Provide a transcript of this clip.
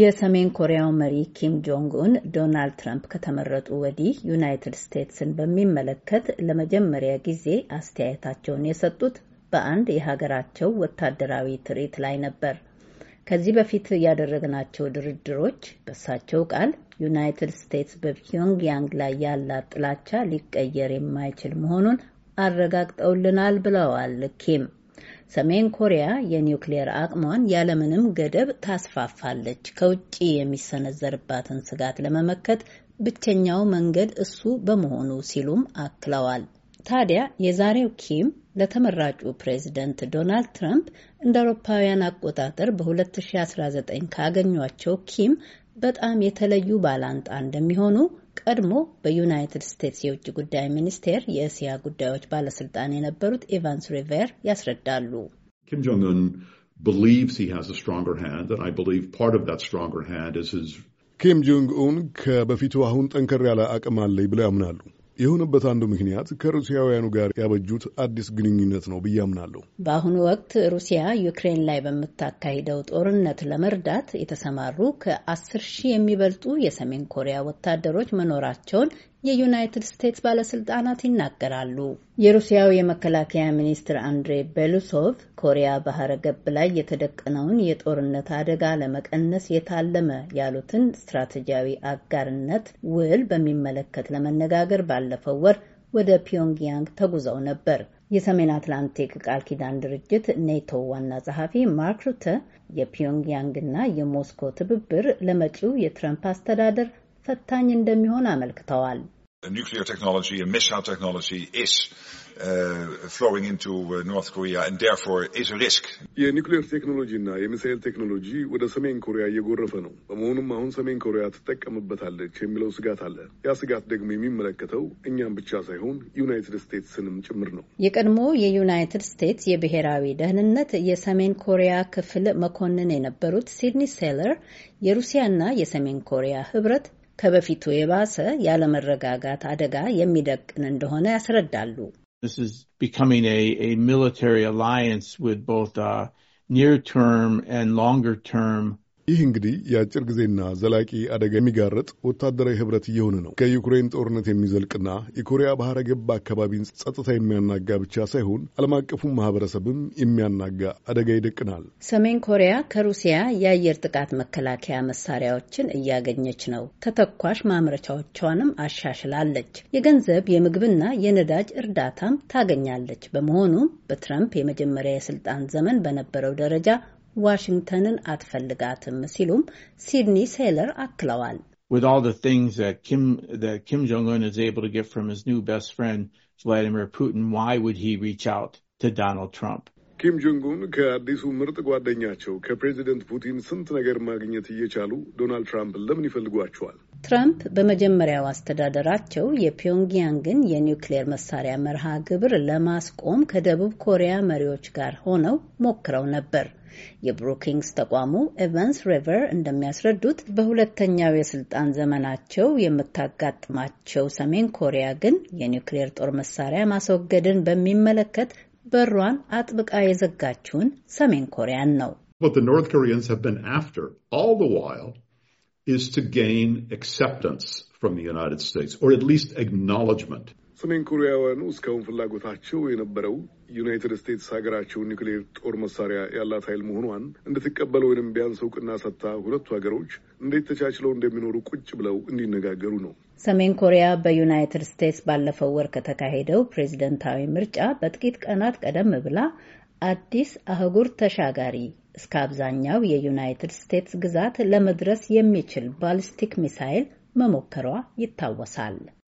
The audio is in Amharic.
የሰሜን ኮሪያው መሪ ኪም ጆንግ ኡን ዶናልድ ትራምፕ ከተመረጡ ወዲህ ዩናይትድ ስቴትስን በሚመለከት ለመጀመሪያ ጊዜ አስተያየታቸውን የሰጡት በአንድ የሀገራቸው ወታደራዊ ትርኢት ላይ ነበር። ከዚህ በፊት ያደረግናቸው ድርድሮች በሳቸው ቃል ዩናይትድ ስቴትስ በፒዮንግያንግ ላይ ያላት ጥላቻ ሊቀየር የማይችል መሆኑን አረጋግጠውልናል ብለዋል ኪም ሰሜን ኮሪያ የኒውክሌር አቅሟን ያለምንም ገደብ ታስፋፋለች። ከውጭ የሚሰነዘርባትን ስጋት ለመመከት ብቸኛው መንገድ እሱ በመሆኑ ሲሉም አክለዋል። ታዲያ የዛሬው ኪም ለተመራጩ ፕሬዚደንት ዶናልድ ትራምፕ እንደ አውሮፓውያን አቆጣጠር በ2019 ካገኟቸው ኪም በጣም የተለዩ ባላንጣ እንደሚሆኑ ቀድሞ በዩናይትድ ስቴትስ የውጭ ጉዳይ ሚኒስቴር የእስያ ጉዳዮች ባለስልጣን የነበሩት ኤቫንስ ሪቨር ያስረዳሉ። ኪም ጆንግ ኡን believes ኪም ጆንግ ኡን ከበፊቱ አሁን ጠንከር ያለ አቅም አለኝ ብለው ያምናሉ። የሆነበት አንዱ ምክንያት ከሩሲያውያኑ ጋር ያበጁት አዲስ ግንኙነት ነው ብዬ አምናለሁ። በአሁኑ ወቅት ሩሲያ ዩክሬን ላይ በምታካሂደው ጦርነት ለመርዳት የተሰማሩ ከአስር ሺህ የሚበልጡ የሰሜን ኮሪያ ወታደሮች መኖራቸውን የዩናይትድ ስቴትስ ባለስልጣናት ይናገራሉ። የሩሲያው የመከላከያ ሚኒስትር አንድሬ ቤሉሶቭ ኮሪያ ባህረ ገብ ላይ የተደቀነውን የጦርነት አደጋ ለመቀነስ የታለመ ያሉትን ስትራቴጂያዊ አጋርነት ውል በሚመለከት ለመነጋገር ባለፈው ወር ወደ ፒዮንግያንግ ተጉዘው ነበር። የሰሜን አትላንቲክ ቃል ኪዳን ድርጅት ኔቶ ዋና ጸሐፊ ማርክ ሩተ የፒዮንግያንግና የሞስኮ ትብብር ለመጪው የትረምፕ አስተዳደር ፈታኝ እንደሚሆን አመልክተዋል። nuclear ቴክኖሎጂ and ቴክኖሎጂ technology is uh, uh, ቴክኖሎጂ ወደ ሰሜን ኮሪያ እየጎረፈ ነው። በመሆኑም አሁን ሰሜን ኮሪያ ትጠቀምበታለች የሚለው ስጋት አለ። ያ ስጋት ደግሞ የሚመለከተው እኛም ብቻ ሳይሆን ዩናይትድ ስቴትስንም ጭምር ነው። የቀድሞ የዩናይትድ ስቴትስ የብሔራዊ ደህንነት የሰሜን ኮሪያ ክፍል መኮንን የነበሩት ሲድኒ ሴለር የሩሲያና የሰሜን ኮሪያ ህብረት This is becoming a, a military alliance with both uh, near term and longer term ይህ እንግዲህ የአጭር ጊዜና ዘላቂ አደጋ የሚጋርጥ ወታደራዊ ህብረት እየሆነ ነው። ከዩክሬን ጦርነት የሚዘልቅና የኮሪያ ባህረ ገብ አካባቢን ጸጥታ የሚያናጋ ብቻ ሳይሆን ዓለም አቀፉን ማህበረሰብም የሚያናጋ አደጋ ይደቅናል። ሰሜን ኮሪያ ከሩሲያ የአየር ጥቃት መከላከያ መሳሪያዎችን እያገኘች ነው። ተተኳሽ ማምረቻዎቿንም አሻሽላለች። የገንዘብ የምግብና የነዳጅ እርዳታም ታገኛለች። በመሆኑም በትራምፕ የመጀመሪያ የስልጣን ዘመን በነበረው ደረጃ ዋሽንግተንን አትፈልጋትም ሲሉም ሲድኒ ሴለር አክለዋል። with all the things that Kim that Kim Jong Un is able to get from his new best friend Vladimir Putin, why would he reach out to Donald Trump? ኪም ጆንግ ኡን ከአዲሱ ምርጥ ጓደኛቸው ከፕሬዚደንት ፑቲን ስንት ነገር ማግኘት እየቻሉ ዶናልድ ለምን ይፈልጓቸዋል? ትራምፕ በመጀመሪያው አስተዳደራቸው የፒዮንግያንግን የኒውክሌር መሳሪያ መርሃ ግብር ለማስቆም ከደቡብ ኮሪያ መሪዎች ጋር ሆነው ሞክረው ነበር። የብሩኪንግስ ተቋሙ ኤቫንስ ሪቨር እንደሚያስረዱት በሁለተኛው የስልጣን ዘመናቸው የምታጋጥማቸው ሰሜን ኮሪያ ግን የኒውክሌር ጦር መሳሪያ ማስወገድን በሚመለከት በሯን አጥብቃ የዘጋችውን ሰሜን ኮሪያን ነው። is to gain acceptance from the United States, or at least acknowledgement. ሰሜን ኮሪያውያኑ እስካሁን ፍላጎታቸው የነበረው ዩናይትድ ስቴትስ ሀገራቸው ኒውክሌር ጦር መሳሪያ ያላት ኃይል መሆኗን እንድትቀበል ወይንም ቢያንስ እውቅና ሰጥታ ሁለቱ ሀገሮች እንዴት ተቻችለው እንደሚኖሩ ቁጭ ብለው እንዲነጋገሩ ነው። ሰሜን ኮሪያ በዩናይትድ ስቴትስ ባለፈው ወር ከተካሄደው ፕሬዝደንታዊ ምርጫ በጥቂት ቀናት ቀደም ብላ አዲስ አህጉር ተሻጋሪ እስከ አብዛኛው የዩናይትድ ስቴትስ ግዛት ለመድረስ የሚችል ባሊስቲክ ሚሳይል መሞከሯ ይታወሳል።